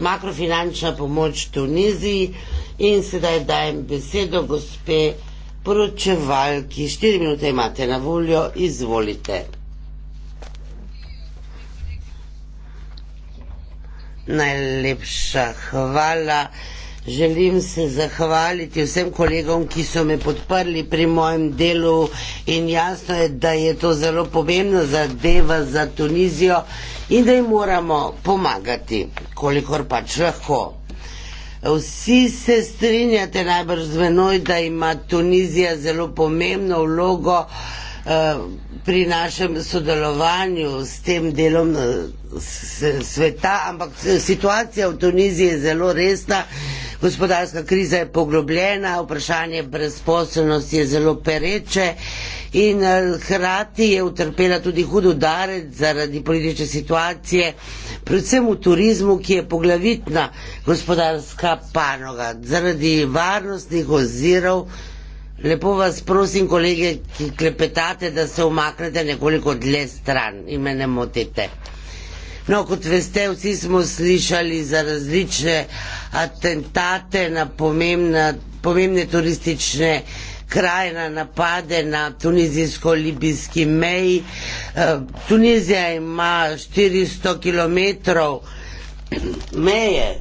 makrofinančna pomoč Tuniziji in sedaj dajem besedo gospe poročevalki. Štiri minute imate na voljo, izvolite. Najlepša hvala. Želim se zahvaliti vsem kolegom, ki so me podprli pri mojem delu in jasno je, da je to zelo pomembna zadeva za Tunizijo in da jim moramo pomagati, kolikor pač lahko. Vsi se strinjate najbrž z menoj, da ima Tunizija zelo pomembno vlogo eh, pri našem sodelovanju s tem delom eh, sveta, ampak situacija v Tuniziji je zelo resna gospodarska kriza je poglobljena, vprašanje brezposelnosti je zelo pereče in hrati eh, je utrpela tudi hudo darec zaradi politične situacije, predvsem v turizmu, ki je poglavitna gospodarska panoga zaradi varnostnih ozirov. Lepo vas prosim, kolege, ki klepetate, da se omaknete nekoliko dlje stran in me ne motite. No, kot veste, vsi smo slišali za različne atentate na pomembna, pomembne turistične kraje, na napade na tunizijsko-libijski meji. Eh, Tunizija ima 400 km meje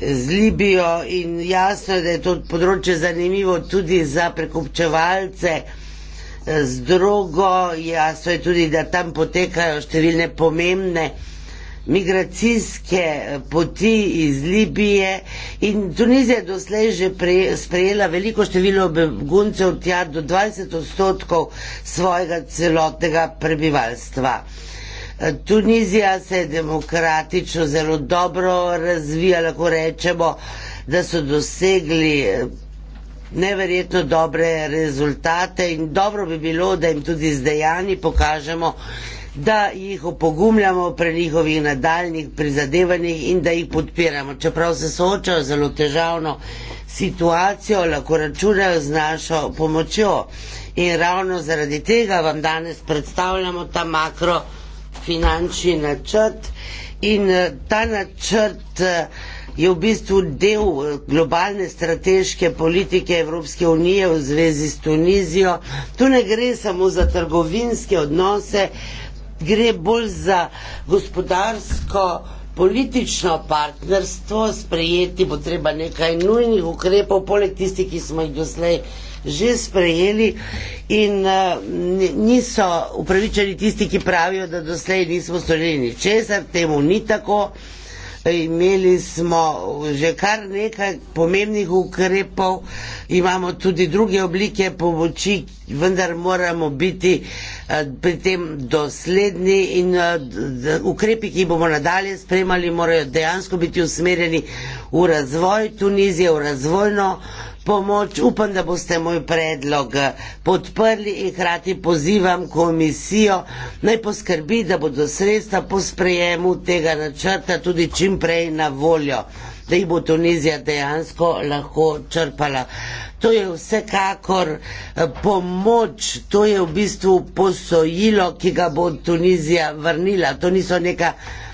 z Libijo in jasno je, da je to področje zanimivo tudi za prekupčevalce. Eh, z drugo, jasno je tudi, da tam potekajo številne pomembne migracijske eh, poti iz Libije in Tunizija je doslej že sprejela veliko število beguncev, tja do 20 odstotkov svojega celotnega prebivalstva. Eh, Tunizija se je demokratično zelo dobro razvijala, lahko rečemo, da so dosegli eh, neverjetno dobre rezultate in dobro bi bilo, da jim tudi z dejani pokažemo, da jih opogumljamo pri njihovih nadaljnih prizadevanjih in da jih podpiramo. Čeprav se soočajo zelo težavno situacijo, lahko računajo z našo pomočjo. In ravno zaradi tega vam danes predstavljamo ta makrofinančni načrt. In eh, ta načrt eh, je v bistvu del globalne strateške politike Evropske unije v zvezi s Tunizijo. Tu ne gre samo za trgovinske odnose, gre bolj za gospodarsko politično partnerstvo, sprejeti bo treba nekaj nujnih ukrepov, poleg tistih, ki smo jih doslej že sprejeli in eh, niso upravičeni tisti, ki pravijo, da doslej nismo storili ničesar, temu ni tako. Imeli smo že kar nekaj pomembnih ukrepov, imamo tudi druge oblike pomoči, vendar moramo biti pri tem dosledni in eh, ukrepi, ki bomo nadalje spremali, morajo dejansko biti usmerjeni v razvoj Tunizije, v razvojno pomoč. Upam, da boste moj predlog eh, podprli in hkrati pozivam komisijo naj poskrbi, da bodo sredstva po sprejemu tega načrta tudi čim prej na voljo da jih bo Tunizija dejansko lahko črpala. To je vsekakor eh, pomoč, to je v bistvu posojilo, ki ga bo Tunizija vrnila. To niso neka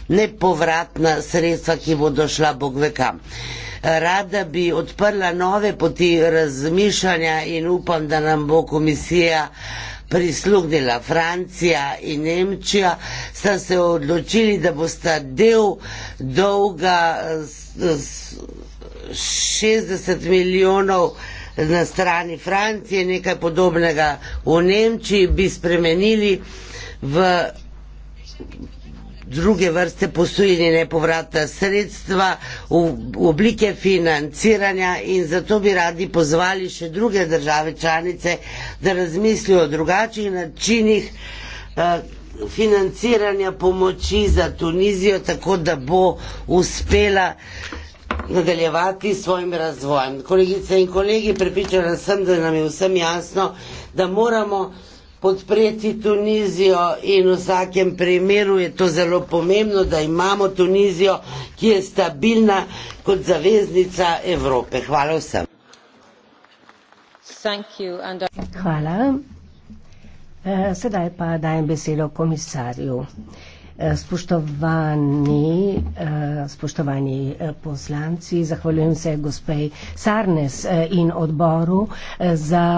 nepovratna sredstva, ki bodo šla Bog ve kam. Eh, rada bi odprla nove poti razmišljanja in upam, da nam bo komisija prisluhnila Francija in Nemčija, sta se odločili, da bosta del dolga 60 eh, milijonov na strani Francije, nekaj podobnega v Nemčiji, bi spremenili v druge vrste posojili nepovratna sredstva v oblike financiranja in zato bi radi pozvali še druge države članice, da razmislijo o drugačnih načinih eh, financiranja pomoči za Tunizijo, tako da bo uspela nadaljevati s svojim razvojem. Kolegice in kolegi, prepričana sem, da nam je vsem jasno, da moramo podpreti Tunizijo in v vsakem primeru je to zelo pomembno, da imamo Tunizijo, ki je stabilna kot zaveznica Evrope. Hvala vsem. Hvala. Eh, sedaj pa dajem besedo komisarju. Eh, spoštovani, eh, spoštovani eh, poslanci, zahvaljujem se gospej Sarnes in odboru za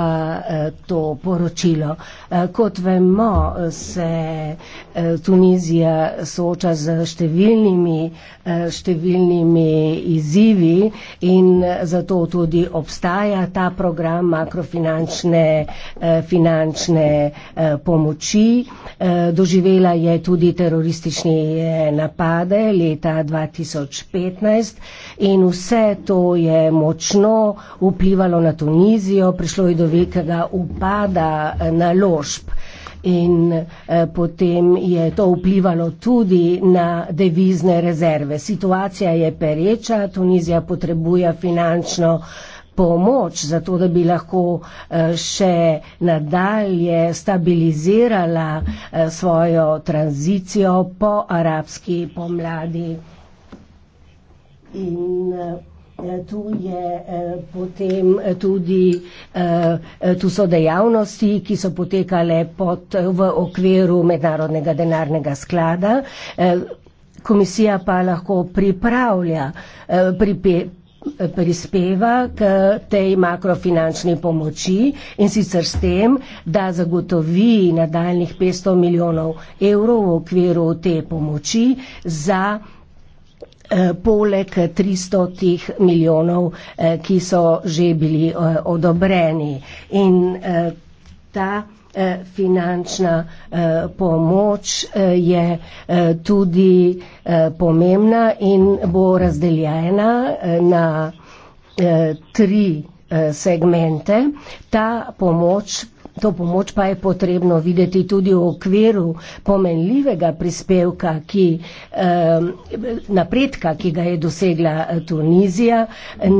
to poročilo. Kot vemo, se Tunizija sooča z številnimi, številnimi izzivi in zato tudi obstaja ta program makrofinančne finančne pomoči. Doživela je tudi terorizem teroristični eh, napade leta 2015 in vse to je močno vplivalo na Tunizijo, prišlo je do velikega upada eh, naložb in eh, potem je to vplivalo tudi na devizne rezerve. Situacija je pereča, Tunizija potrebuje finančno pomoč za to, da bi lahko eh, še nadalje stabilizirala eh, svojo tranzicijo po arabski pomladi. In eh, tu je potem tudi, tu so dejavnosti, ki so potekale pod, v okviru mednarodnega denarnega sklada. Komisija pa lahko pripravlja, pripe, prispeva k tej makrofinančni pomoči in sicer s tem, da zagotovi nadaljnih 500 milijonov evrov v okviru te pomoči za eh, poleg 300 tih milijonov, eh, ki so že bili eh, odobreni. In ta Eh, finančna eh, pomoč eh, je tudi pomembna in bo razdeljena na tri segmente. Ta pomoč To pomoč pa je potrebno videti tudi v okviru pomenljivega prispevka, ki, napredka, ki ga je dosegla eh, Tunizija,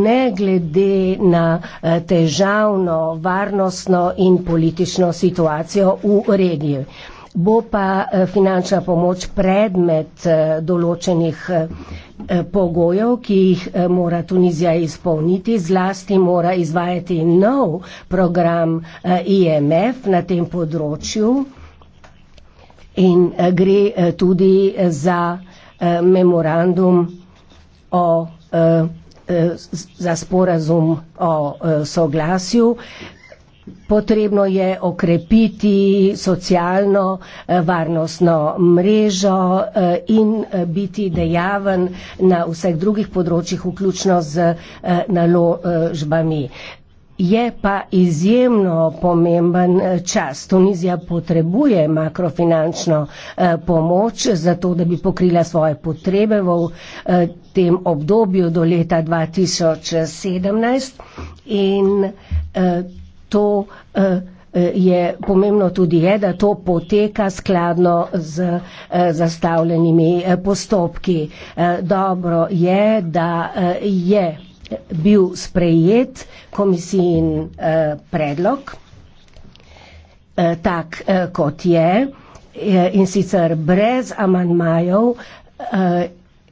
ne glede na eh, težavno varnostno in politično situacijo v regiji bo pa eh, finančna pomoč predmet eh, določenih eh, pogojev, ki jih mora Tunizija izpolniti. Zlasti mora izvajati nov program IMF na tem področju in gre tudi za memorandum o za sporazum o soglasju, Potrebno je okrepiti socialno eh, varnostno mrežo eh, in eh, biti dejaven na vseh drugih področjih, vključno z naložbami. Je pa izjemno pomemben čas. Tunizija potrebuje makrofinančno pomoč, zato da bi pokrila svoje potrebe v tem obdobju do leta 2017. In, to eh, eh, je pomembno tudi je, da to poteka skladno z eh, zastavljenimi postopki. Dobro je, da je bil sprejet komisijin predlog, tak kot je in sicer brez amanmajev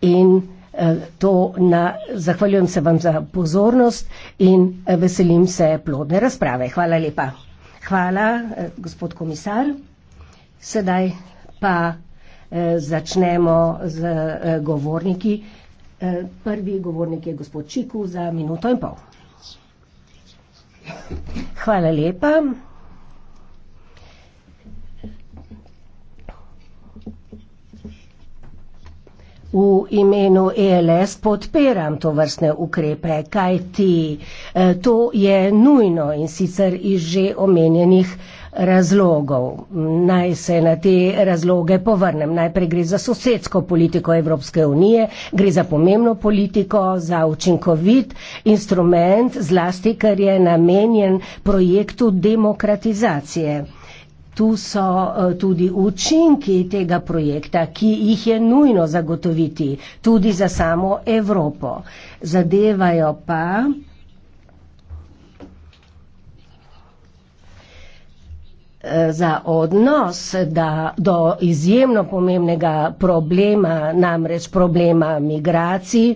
in Eh, to na, zahvaljujem se vam za pozornost in eh, veselim se plodne razprave. Hvala lepa. Hvala, eh, gospod komisar. Sedaj pa začnemo z govorniki. Prvi govornik je gospod Čiku za minuto in pol. Hvala lepa. V imenu ELS podpiram to vrstne ukrepe, kaj ti e, to je nujno in sicer iz že omenjenih razlogov. Naj se na te razloge povrnem. Najprej gre za sosedsko politiko Evropske unije, gre za pomembno politiko, za učinkovit instrument, zlasti, ker je namenjen projektu demokratizacije. Tu so e, tudi učinki tega projekta, ki jih je nujno zagotoviti tudi za samo Evropo. Zadevajo pa za odnos da, do izjemno pomembnega problema, namreč problema migracij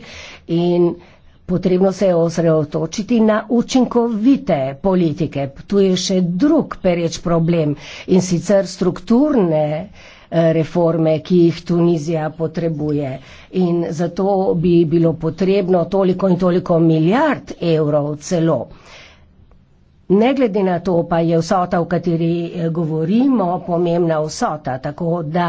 in migracij. Potrebno se je osredotočiti na učinkovite politike. Tu je še drug pereč problem in sicer strukturne eh, reforme, ki jih Tunizija potrebuje. In zato bi bilo potrebno toliko in toliko milijard evrov celo. Ne glede na to, pa je vsota, o kateri eh, govorimo, pomembna vsota, tako da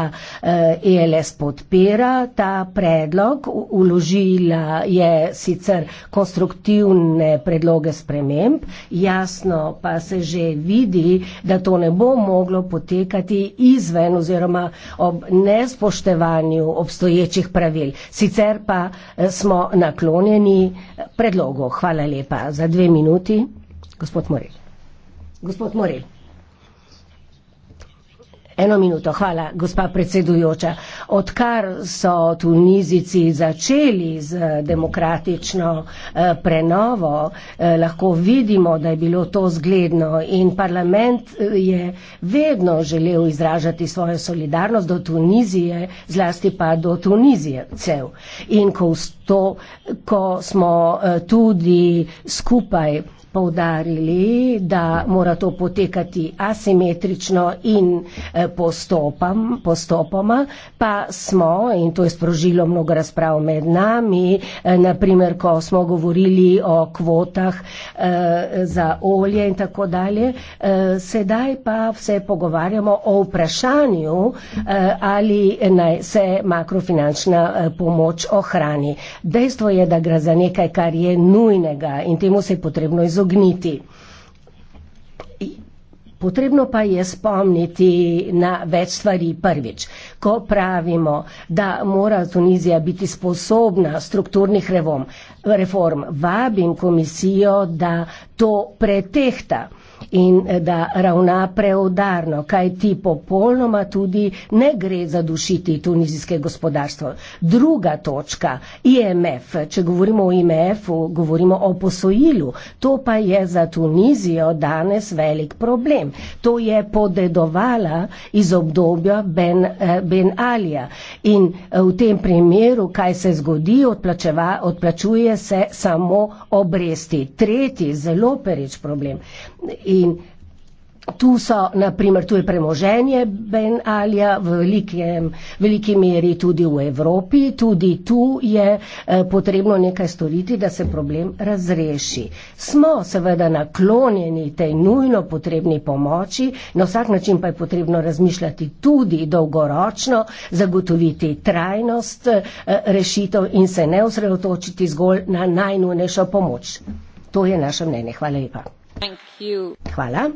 ELS eh, e podpira ta predlog, uložila je sicer konstruktivne predloge sprememb, jasno pa se že vidi, da to ne bo moglo potekati izven oziroma ob nespoštevanju obstoječih pravil. Sicer pa eh, smo naklonjeni predlogu. Hvala lepa za dve minuti. Gospod Morel. Gospod Morel. Eno minuto, hvala, gospa predsedujoča. Odkar so Tunizici začeli z demokratično eh, prenovo, eh, lahko vidimo, da je bilo to zgledno in parlament eh, je vedno želel izražati svojo solidarnost do Tunizije, zlasti pa do Tunizijcev. In ko, sto, ko smo eh, tudi skupaj poudarili, da mora to potekati asimetrično in eh, postopam, postopoma, pa smo, in to je sprožilo mnogo razprav med nami, eh, naprimer, ko smo govorili o kvotah eh, za olje in tako dalje, sedaj pa se pogovarjamo o vprašanju, ali naj se makrofinančna pomoč ohrani. Dejstvo je, da gre za nekaj, kar je nujnega in temu se je potrebno izogniti izogniti. Potrebno pa je spomniti na več stvari prvič. Ko pravimo, da mora Tunizija biti sposobna strukturnih revom, reform, vabim komisijo, da to pretehta in eh, da ravna preudarno, kaj ti popolnoma tudi ne gre zadušiti tunizijske gospodarstvo. Druga točka, IMF, če govorimo o IMF-u, govorimo o posojilu, to pa je za Tunizijo danes velik problem. To je podedovala iz obdobja Ben, eh, ben Alija in eh, v tem primeru, kaj se zgodi, odplačeva, odplačuje se samo obresti. Tretji, zelo pereč problem. In in Tu so, naprimer, tu je premoženje Ben Alija v velikem, veliki meri tudi v Evropi, tudi tu je eh, potrebno nekaj storiti, da se problem razreši. Smo seveda naklonjeni tej nujno potrebni pomoči, na vsak način pa je potrebno razmišljati tudi dolgoročno, zagotoviti trajnost eh, rešitev in se ne osredotočiti zgolj na najnujnejšo pomoč. To je naše mnenje. Hvala lepa. Hvala.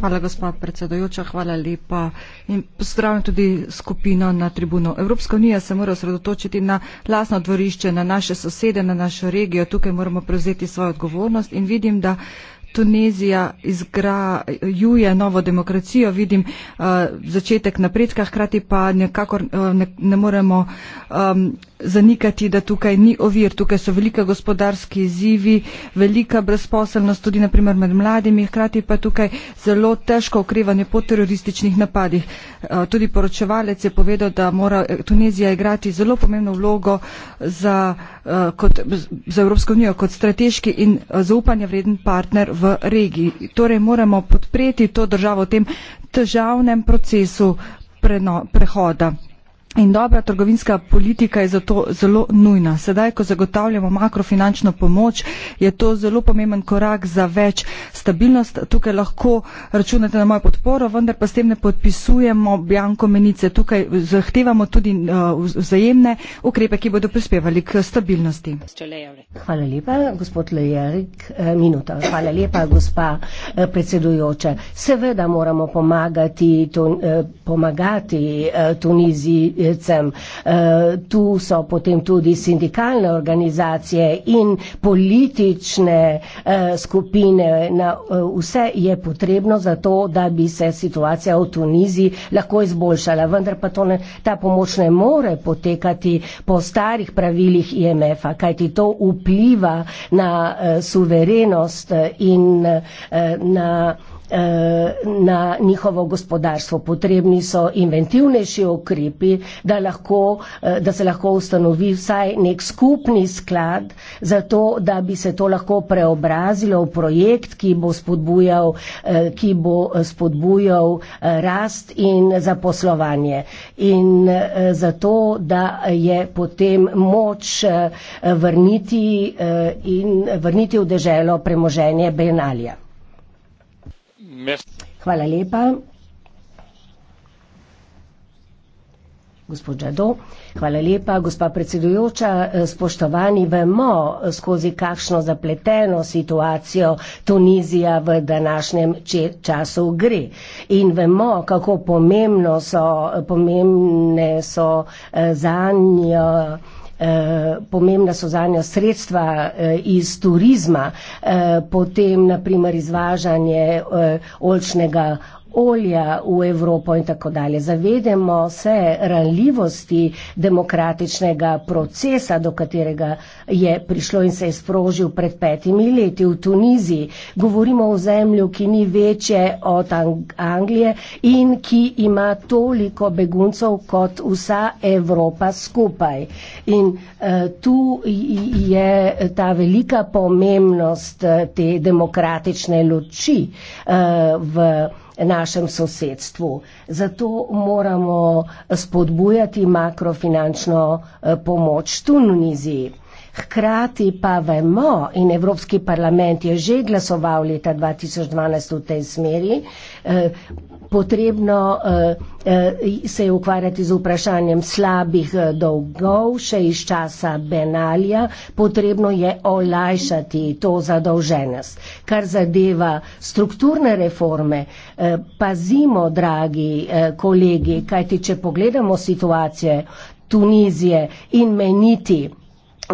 Hvala, gospod predsedojoča, hvala lepa. In pozdravljam tudi skupino na tribuno. Evropska unija se mora osredotočiti na lasno dvorišče, na naše sosede, na našo regijo. Tukaj moramo prevzeti svojo odgovornost in vidim, da Tunezija izgrajuje novo demokracijo, vidim uh, začetek napredka, hkrati pa nekako uh, eh, ne, ne moremo. Um, zanikati, da tukaj ni ovir, tukaj so velika gospodarski izzivi, velika brezposelnost tudi naprimer med mladimi, hkrati pa tukaj zelo težko okrevanje po terorističnih napadih. Eh, tudi poročevalec je povedal, da mora Tunizija igrati zelo pomembno vlogo za, eh, kot, za Evropsko unijo kot strateški in eh, zaupanja vreden partner v regiji. Torej moramo podpreti to državo v tem težavnem procesu preno, prehoda. In dobra trgovinska politika je zato zelo nujna. Sedaj, ko zagotavljamo makrofinančno pomoč, je to zelo pomemben korak za več stabilnost. Tukaj lahko računate na mojo podporo, vendar pa s tem ne podpisujemo bjanko menice. Tukaj zahtevamo tudi eh, vzajemne ukrepe, ki bodo prispevali k stabilnosti. Hvala lepa, gospod Lejerik. Eh, minuta. Hvala lepa, gospa eh, predsedujoča. Seveda moramo pomagati, to, pomagati Tuniziji nosilcem. Eh, tu so potem tudi sindikalne organizacije in politične eh, skupine. Eh, vse je potrebno za to, da bi se situacija v Tuniziji lahko izboljšala. Vendar pa ne, ta pomoč ne more potekati po starih pravilih IMF-a, kajti to vpliva na suverenost in na na njihovo gospodarstvo. Potrebni so inventivnejši okrepi, da, lahko, eh, da se lahko ustanovi vsaj nek skupni sklad za to, da bi se to lahko preobrazilo v projekt, ki bo spodbujal, eh, ki bo eh, spodbujal rast in zaposlovanje. In zato, da je potem moč vrniti, in, vrniti v deželo premoženje Benalija. Hvala lepa. Gospod Žado, hvala lepa. Gospa predsedujoča, eh, spoštovani, vemo, eh, skozi kakšno zapleteno situacijo Tunizija v današnjem času gre. In vemo, kako pomembno so, pomembne so eh, zanjo Eh, pomembna so zanjo sredstva eh, iz turizma, eh, potem naprimer izvažanje oljčnega olja v Evropo in tako dalje. Zavedamo se ranljivosti demokratičnega procesa, do katerega je prišlo in se je sprožil pred petimi leti v Tuniziji. Govorimo o zemlju, ki ni večje od Anglije in ki ima toliko beguncev kot vsa Evropa skupaj. In uh, tu je ta velika pomembnost eh, te demokratične luči uh, v Evropi našem sosedstvu. Zato moramo spodbujati makrofinančno eh, pomoč Tuniziji. Hkrati pa vemo in Evropski parlament je že glasoval leta 2012 v tej smeri, eh, potrebno eh, eh, se je ukvarjati z vprašanjem slabih dolgov še iz časa Benalja, potrebno je olajšati to zadolženost. Kar zadeva strukturne reforme, pazimo, dragi kolegi, kajti če pogledamo situacije Tunizije in meniti,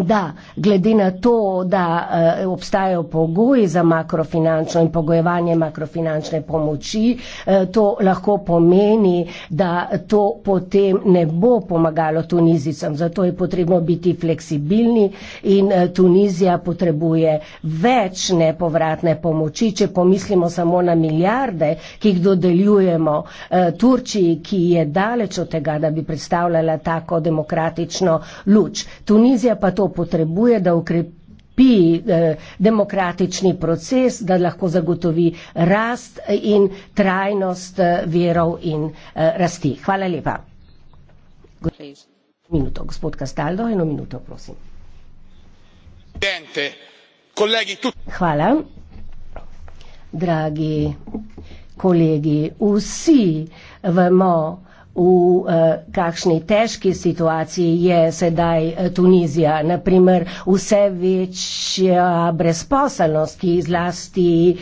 Da, glede na to, da e, obstajajo pogoji za makrofinančno in pogojevanje makrofinančne pomoči, e, to lahko pomeni, da to potem ne bo pomagalo Tunizicam. Zato je potrebno biti fleksibilni in e, Tunizija potrebuje več nepovratne pomoči. Če pomislimo samo na milijarde, ki jih dodeljujemo e, Turčiji, ki je daleč od tega, da bi predstavljala tako demokratično luč. Tunizija pa to to potrebuje, da ukrepi eh, demokratični proces, da lahko zagotovi rast in trajnost eh, verov in eh, rasti. Hvala lepa. Minuto, gospod Kastaldo, eno minuto, prosim. Hvala. Dragi kolegi, vsi vemo, v eh, kakšni težki situaciji je sedaj eh, Tunizija. Naprimer, vse večja brezposelnost, ki zlasti eh,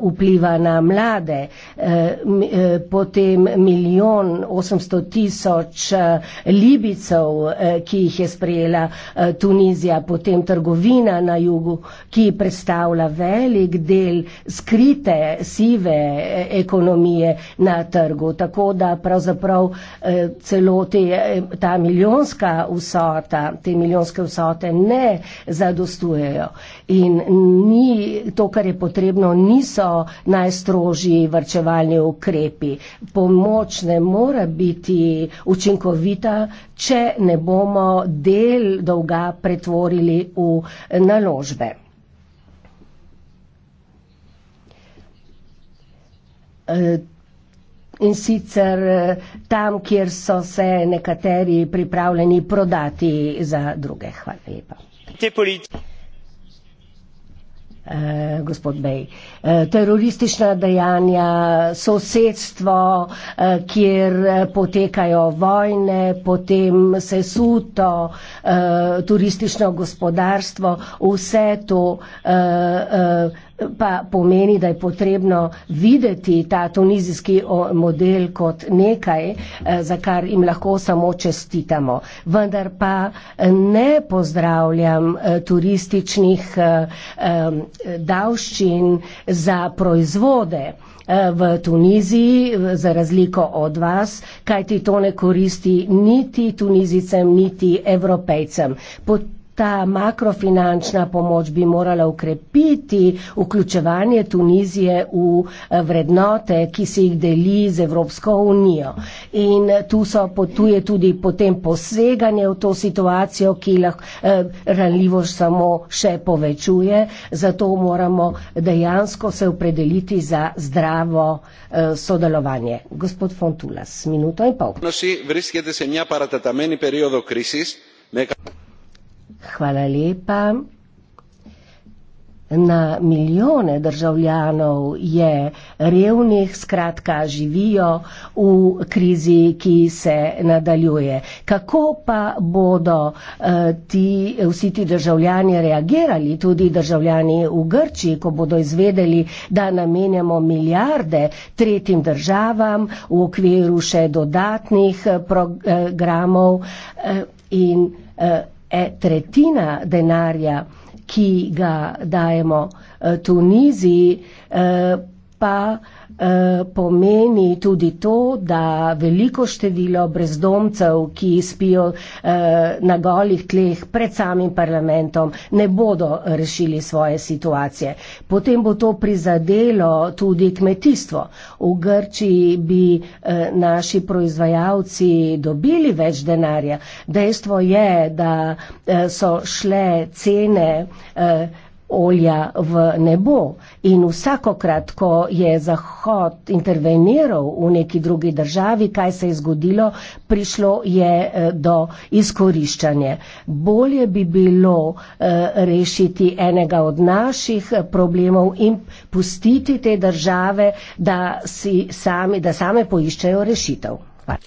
vpliva na mlade, eh, eh, potem milijon osemsto tisoč eh, Libicov, eh, ki jih je sprejela eh, Tunizija, potem trgovina na jugu, ki predstavlja velik del skrite, sive eh, ekonomije na trgu. Tako da pravzaprav pravzaprav eh, celo te, eh, ta milijonska vsota, te milijonske vsote ne zadostujejo. In ni to, kar je potrebno, niso najstrožji vrčevalni ukrepi. Pomoč ne mora biti učinkovita, če ne bomo del dolga pretvorili v naložbe. Eh, in sicer eh, tam, kjer so se nekateri pripravljeni prodati za druge. Hvala lepa. Eh, gospod Bej, eh, teroristična dejanja, sosedstvo, eh, kjer eh, potekajo vojne, potem sesuto, eh, turistično gospodarstvo, vse to eh, eh, pa pomeni, da je potrebno videti ta tunizijski model kot nekaj, eh, za kar jim lahko samo čestitamo. Vendar pa ne pozdravljam eh, turističnih eh, davščin za proizvode v Tuniziji, za razliko od vas, kajti to ne koristi niti tunizicem, niti evropejcem. Potem ta makrofinančna pomoč bi morala ukrepiti vključevanje Tunizije v eh, vrednote, ki se jih deli z Evropsko unijo. In tu, so, tu je tudi potem poseganje v to situacijo, ki lahko eh, ranljivož samo še povečuje. Zato moramo dejansko se opredeliti za zdravo eh, sodelovanje. Gospod Fontulas, minuto in pol. Hvala lepa. Na milijone državljanov je revnih, skratka, živijo v krizi, ki se nadaljuje. Kako pa bodo eh, ti, vsi ti državljani reagirali, tudi državljani v Grčiji, ko bodo izvedeli, da namenjamo milijarde tretjim državam v okviru še dodatnih eh, programov eh, in tretjina denarja, ki ga dajemo eh, Tuniziji, eh, pa eh, pomeni tudi to, da veliko število brezdomcev, ki spijo eh, na golih tleh pred samim parlamentom, ne bodo rešili svoje situacije. Potem bo to prizadelo tudi kmetijstvo. V Grčiji bi eh, naši proizvajalci dobili več denarja. Dejstvo je, da so šle cene olja v nebo. In vsakokrat, ko je Zahod interveniral v neki drugi državi, kaj se je zgodilo, prišlo je eh, do izkoriščanja. Bolje bi bilo eh, rešiti enega od naših eh, problemov in pustiti te države, da, sami, da same poiščejo rešitev. Hvala.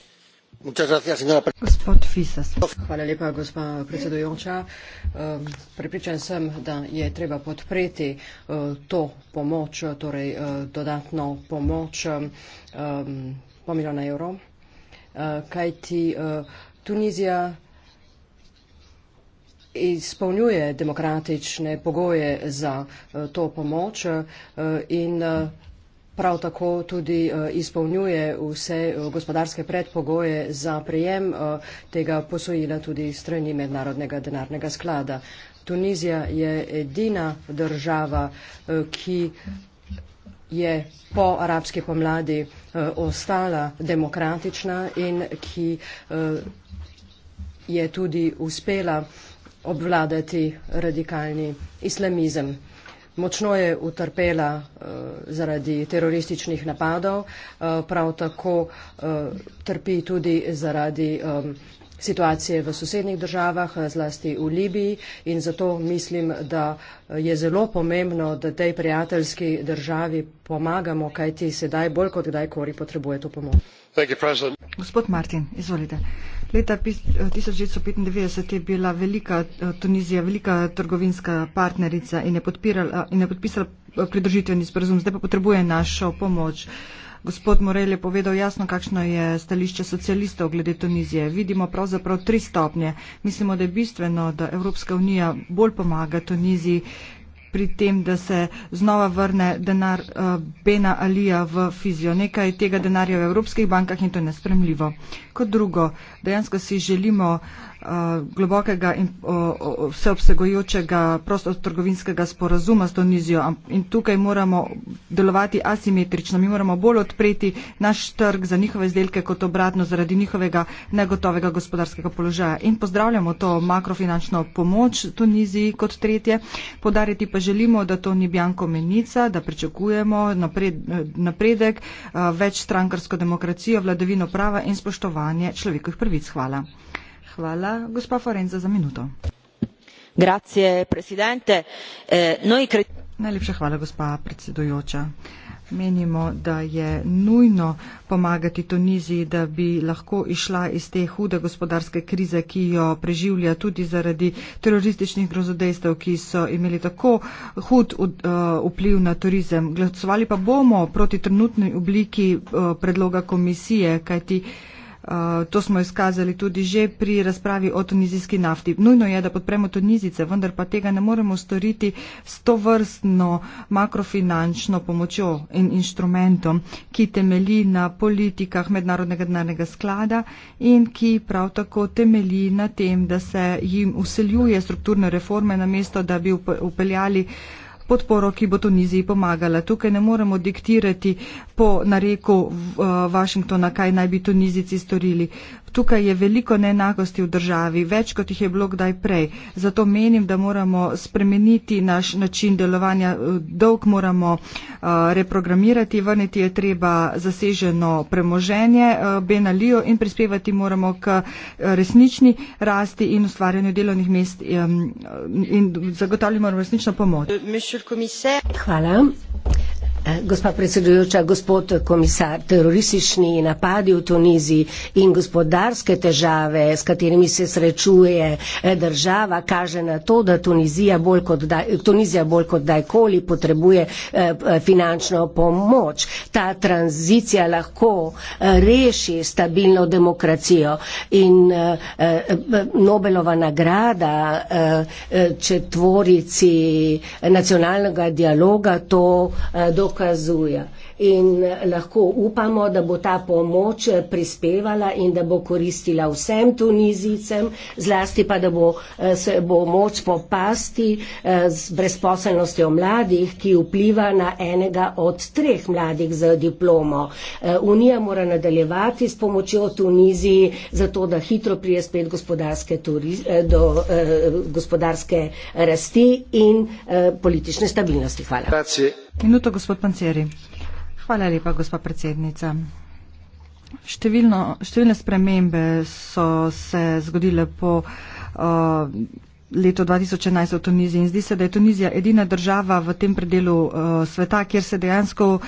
Gospod Fisas. Hvala lepa, gospa predsedujoča. Um, Pripričan sem, da je treba podpreti uh, to pomoč, torej uh, dodatno pomoč um, um, po milijona evrov, uh, kajti Tunizija izpolnjuje demokratične pogoje za to pomoč in prav tako tudi eh, izpolnjuje vse eh, gospodarske predpogoje za prejem eh, tega posojila tudi strani mednarodnega denarnega sklada. Tunizija je edina država, ki je po arabski pomladi ostala demokratična in ki je tudi uspela obvladati radikalni islamizem. Močno je utrpela uh, zaradi terorističnih napadov, uh, prav tako uh, trpi tudi zaradi um, situacije v sosednjih državah, zlasti v Libiji in zato mislim, da je zelo pomembno, da tej prijateljski državi pomagamo, kajti sedaj bolj kot kdajkoli potrebuje to pomoč. Gospod Martin, izvolite. Leta 1995 eh, je bila velika eh, Tunizija, velika trgovinska partnerica in je, in je podpisala eh, pridružitveni sporozum. Zdaj pa potrebuje našo pomoč. Gospod Morel je povedal jasno, kakšno je stališče socialistov glede Tunizije. Vidimo pravzaprav tri stopnje. Mislimo, da je bistveno, da Evropska unija bolj pomaga Tuniziji. Uh, pri tem, da se znova vrne denar eh, Bena Alija v fizijo. Nekaj tega denarja v evropskih bankah in to je nespremljivo. Kot drugo, dejansko si želimo Eh, globokega in vseobsegojočega prostotrgovinskega sporazuma s Tunizijo in tukaj moramo delovati asimetrično. Mi moramo bolj odpreti naš trg za njihove izdelke kot obratno zaradi njihovega negotovega gospodarskega položaja. In pozdravljamo to makrofinančno pomoč Tuniziji kot tretje. Podariti pa želimo, da to ni bjanko menica, da pričakujemo napred, napredek, eh, več strankarsko demokracijo, vladavino prava in spoštovanje človekovih prvic. Hvala signora presidente onorevoli eh, colleghi najlepša hvala gospa predsedujoča. menimo da je nujno pomagati tuniziji da bi lahko izšla iz te hude gospodarske krize ki jo preživlja tudi zaradi terorističnih grozodejstev ki so imeli tako hud uh, vpliv na turizem. glasovali pa bomo proti trenutni obliki uh, predloga komisije kajti Eh, to smo izkazali tudi že pri razpravi o tunizijski nafti. Nujno je, da podpremo Tunizice, vendar pa tega ne moremo storiti s to vrstno makrofinančno pomočjo in inštrumentom, ki temelji na politikah mednarodnega denarnega sklada in ki prav tako temelji na tem, da se jim useljuje strukturne reforme, namesto da bi upeljali uh, podporo, ki bo Tuniziji pomagala. Tukaj ne moremo diktirati po nareku eh, Washingtona, kaj naj bi Tunizici storili tukaj je veliko neenakosti v državi, več kot jih je bilo kdaj prej. Zato menim, da moramo spremeniti naš način delovanja, eh, dolg moramo uh, reprogramirati, vrniti je treba zaseženo premoženje uh, Benalijo in prispevati moramo k resnični rasti in ustvarjanju delovnih mest um, in zagotavljamo resnično pomoč. Hvala. Gospa predsedujoča, gospod komisar, teroristični napadi v Tuniziji in gospodarske težave, s katerimi se srečuje eh, država, kaže na to, da Tunizija bolj kot, da, Tunizija bolj kot dajkoli potrebuje eh, finančno pomoč. Ta tranzicija lahko eh, reši stabilno demokracijo in Nobelova nagrada četvorici nacionalnega dialoga to dokazuje pokazuje in lahko upamo, da bo ta pomoč prispevala in da bo koristila vsem tunizicem, zlasti pa, da bo, eh, se bo moč popasti eh, z brezposelnostjo mladih, ki vpliva na enega od treh mladih z diplomo. Eh, Unija mora nadaljevati s pomočjo Tuniziji, zato da hitro prije spet gospodarske, do, eh, gospodarske rasti in eh, politične stabilnosti. Hvala. Minuto, gospod Panceri. Hvala lepa, gospa predsednica. Številno, številne spremembe so se zgodile po uh, letu 2011 v Tuniziji in zdi se, da je Tunizija edina država v tem predelu uh, sveta, kjer se dejansko uh,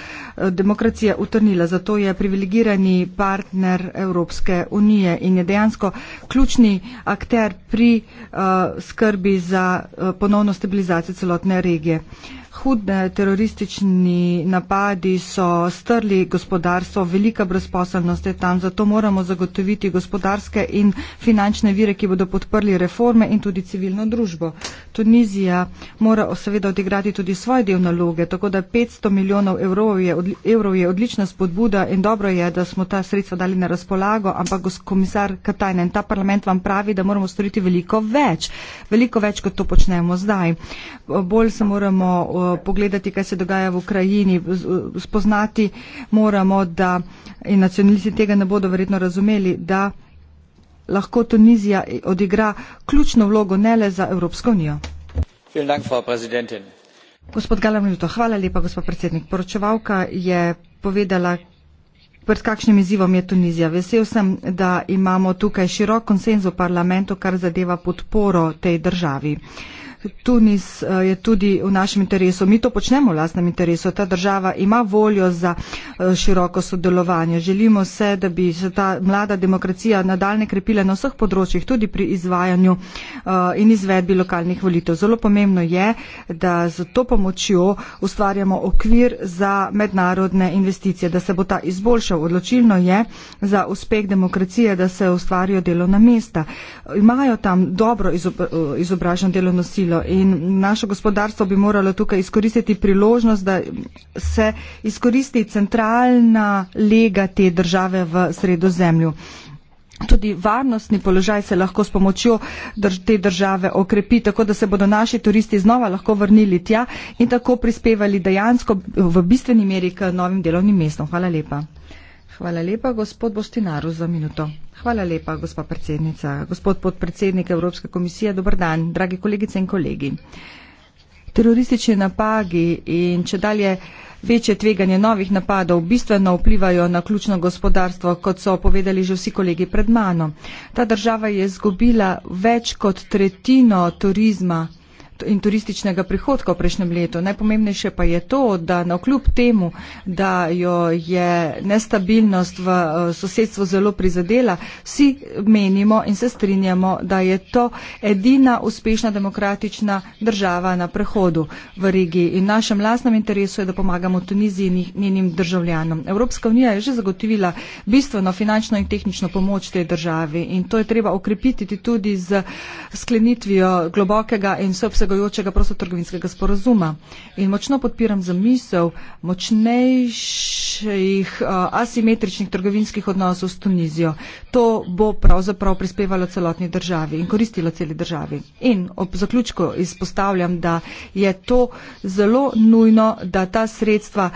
demokracija utrnila. Zato je privilegirani partner Evropske unije in je dejansko ključni akter pri uh, skrbi za uh, ponovno stabilizacijo celotne regije. Uh, Hude teroristični napadi so strli gospodarstvo, velika brezposobnost je tam, zato moramo zagotoviti gospodarske in finančne vire, ki bodo podprli reforme in tudi civilno družbo. Tunizija mora seveda odigrati tudi svoj del naloge, tako da 500 milijonov evrov je, odli, evrov je odlična spodbuda in dobro je, da smo ta sredstva dali na razpolago, ampak komisar Katajnen, ta parlament vam pravi, da moramo storiti veliko več, veliko več, kot to počnemo zdaj. Bolj se moramo uh, pogledati, kaj se dogaja v Ukrajini. Spoznati moramo, da in nacionalisti tega ne bodo verjetno razumeli, da lahko Tunizija odigra ključno vlogo ne le za Evropsko unijo. Gospod Galamiluto, hvala lepa, gospod predsednik. Poročevalka je povedala, pred kakšnim izzivom je Tunizija. Vesel sem, da imamo tukaj širok konsenz v parlamentu, kar zadeva podporo tej državi. Tunis eh, je tudi v našem interesu. Mi to počnemo v lastnem interesu. Ta država ima voljo za eh, široko sodelovanje. Želimo se, da bi se ta mlada demokracija nadaljne krepila na vseh področjih, tudi pri izvajanju eh, in izvedbi lokalnih volitev. Zelo pomembno je, da z to pomočjo ustvarjamo okvir za mednarodne investicije, da se bo ta izboljšal. Odločilno je za uspeh demokracije, da se ustvarijo delovna mesta. Imajo tam dobro izobraženo delovno silo zgodilo. In naše gospodarstvo bi moralo tukaj izkoristiti priložnost, da se izkoristi centralna lega te države v sredozemlju. Tudi varnostni položaj se lahko s pomočjo te države okrepi, tako da se bodo naši turisti znova lahko vrnili tja in tako prispevali dejansko v bistveni meri k novim delovnim mestom. Hvala lepa. Hvala lepa, gospod Bostinaru, za minuto. Hvala lepa, gospa predsednica, gospod podpredsednik Evropske komisije. Dobar dan, dragi kolegice in kolegi. Teroristični napagi in če dalje večje tveganje novih napadov bistveno vplivajo na ključno gospodarstvo, kot so povedali že vsi kolegi pred mano. Ta država je izgubila več kot tretjino turizma in turističnega prihodka v prejšnjem letu. Najpomembnejše pa je to, da na kljub temu, da jo je nestabilnost v eh, sosedstvu zelo prizadela, vsi menimo in se strinjamo, da je to edina uspešna demokratična država na prehodu v regiji. In našem lasnem interesu je, da pomagamo Tuniziji in njenim državljanom. Evropska unija je že zagotovila bistveno finančno in tehnično pomoč tej državi in to je treba okrepiti tudi z sklenitvijo globokega in sobsega obsegajočega prostotrgovinskega sporazuma. In močno podpiram zamisel močnejših eh, asimetričnih trgovinskih odnosov s Tunizijo. To bo pravzaprav prispevalo celotni državi in koristilo celi državi. In ob zaključku izpostavljam, da je to zelo nujno, da ta sredstva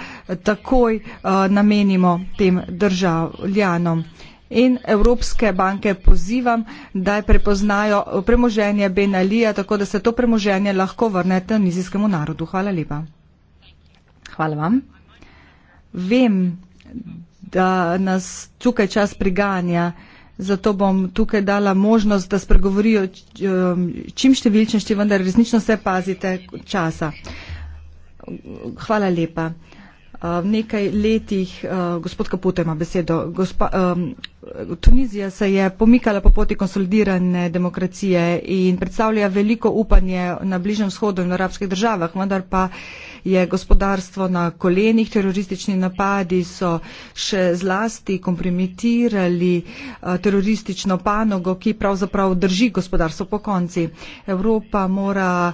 takoj eh, namenimo tem državljanom in evropske banke pozivam, da prepoznajo premoženje Ben Alija, tako da se to premoženje lahko vrne tunizijskemu narodu. Hvala lepa. Hvala vam. Vem, da nas tukaj čas priganja, zato bom tukaj dala možnost, da spregovorijo um, čim številčnejši, vendar resnično se pazite časa. Hvala lepa v nekaj letih, eh, gospod Kapute ima besedo, gospa, eh, Tunizija se je pomikala po poti konsolidirane demokracije in predstavlja veliko upanje na Bližnem vzhodu in v arabskih državah, vendar pa je gospodarstvo na kolenih, teroristični napadi so še zlasti kompromitirali eh, teroristično panogo, ki pravzaprav drži gospodarstvo po konci. Evropa mora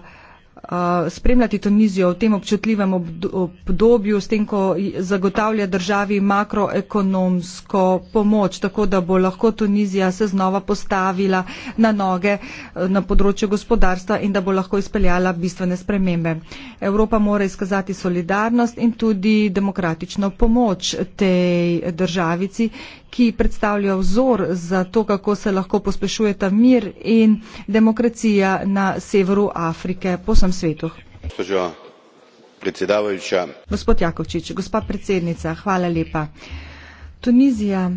Eh, spremljati Tunizijo v tem občutljivem obdobju, s tem, ko zagotavlja državi makroekonomsko pomoč, tako da bo lahko Tunizija se znova postavila na noge eh, na področju gospodarstva in da bo lahko izpeljala bistvene spremembe. Evropa mora izkazati solidarnost in tudi demokratično pomoč tej državici, ki predstavljajo vzor za to, kako se lahko pospešujeta mir in demokracija na severu Afrike po vsem svetu. Gospod Jakovčič, gospa predsednica, hvala lepa. Tunizija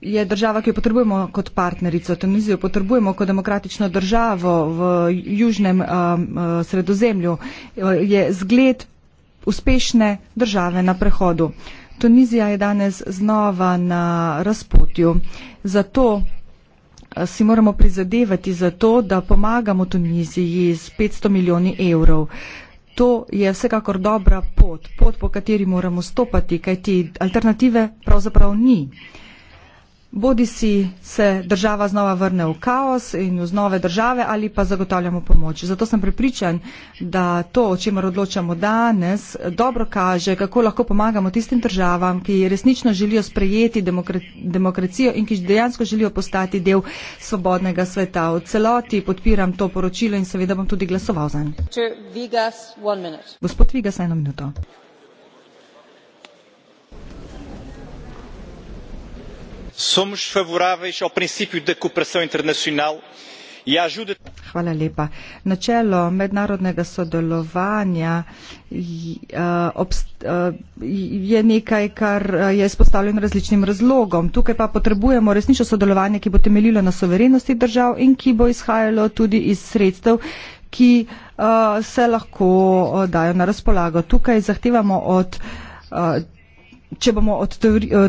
je država, ki jo potrebujemo kot partnerico. Tunizijo potrebujemo kot demokratično državo v južnem um, uh, sredozemlju. Je zgled uspešne države na prehodu. Tunizija je danes znova na razpotju. Zato eh, si moramo prizadevati za to, da pomagamo Tuniziji z 500 milijoni evrov. To je vsekakor dobra pot, pot, po kateri moramo stopati, kajti alternative pravzaprav ni. Uh, bodi si se država znova vrne v kaos in v nove države ali pa zagotavljamo pomoč. Zato sem prepričan, da to, o čemer odločamo danes, dobro kaže, kako lahko pomagamo tistim državam, ki resnično želijo sprejeti demokracijo in ki dejansko želijo postati del svobodnega sveta. V celoti podpiram to poročilo in seveda bom tudi glasoval za njega. Gospod Vigas, eno minuto. somos favoráveis ao princípio da cooperação internacional e à ajuda. Hvala lepa. Načelo mednarodnega sodelovanja eh, eh, je nekaj, kar eh, je izpostavljeno različnim razlogom. Tukaj pa potrebujemo resnično sodelovanje, ki bo temeljilo na soverenosti držav in ki bo izhajalo tudi iz sredstev, ki se lahko dajo na razpolago. Tukaj zahtevamo od če bomo od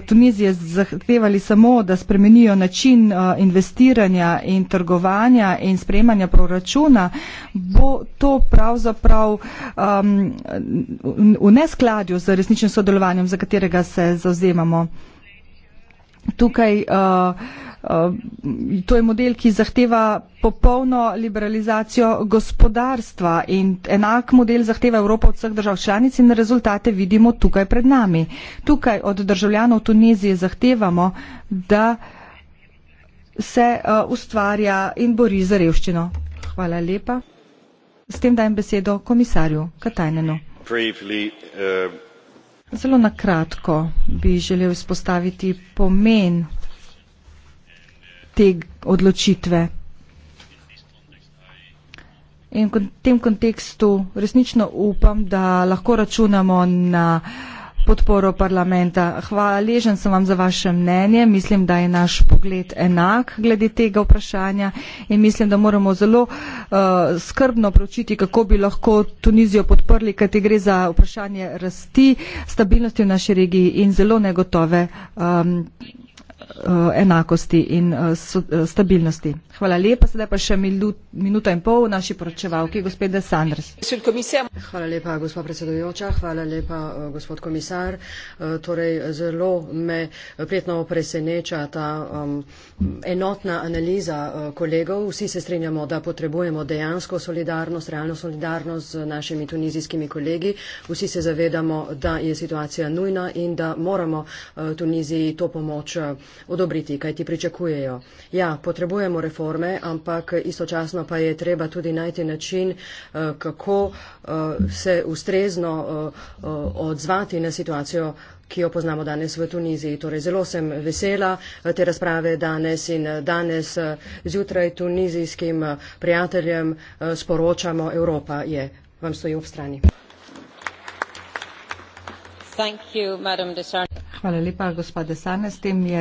Tunizije zahtevali samo, da spremenijo način uh, investiranja in trgovanja in sprejemanja proračuna, bo to pravzaprav um, v neskladju z resničnim sodelovanjem, za katerega se zauzemamo. Tukaj uh, to je model, ki zahteva popolno liberalizacijo gospodarstva in enak model zahteva Evropa od vseh držav članic in rezultate vidimo tukaj pred nami. Tukaj od državljanov Tunizije zahtevamo, da se eh, ustvarja in bori za revščino. Hvala lepa. S tem dajem besedo komisarju Katajnenu. Eh, Zelo nakratko bi želel izpostaviti pomen te odločitve. In v tem kontekstu resnično upam, da lahko računamo na podporo parlamenta. Hvaležen sem vam za vaše mnenje, mislim, da je naš pogled enak glede tega vprašanja in mislim, da moramo zelo uh, skrbno pročiti, kako bi lahko Tunizijo podprli, kaj te gre za vprašanje rasti, stabilnosti v naši regiji in zelo negotove. Um, Eh, enakosti in eh, eh, stabilnosti. Hvala lepa, sedaj pa še minuta in pol naši poročevalki, gospod De Sanders. Hvala lepa, gospod predsedujoča, hvala lepa, eh, gospod komisar. Eh, torej, zelo me prijetno preseneča ta um, enotna analiza eh, kolegov. Vsi se strinjamo, da potrebujemo dejansko solidarnost, realno solidarnost z našimi tunizijskimi kolegi. Vsi se zavedamo, da je situacija nujna in da moramo Tuniziji to pomoč odobriti, kaj ti pričakujejo. Ja, potrebujemo reformo reforme, ampak istočasno pa je treba tudi najti način, eh, kako eh, se ustrezno eh, odzvati na situacijo ki jo poznamo danes v Tuniziji. Torej, zelo sem vesela te razprave danes in danes zjutraj tunizijskim prijateljem sporočamo, Evropa je vam stoji ob strani. Hvala lepa, gospod Desane. S tem je.